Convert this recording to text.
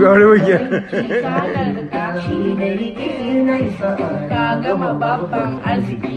Gare muke. Ka gama babban arziki.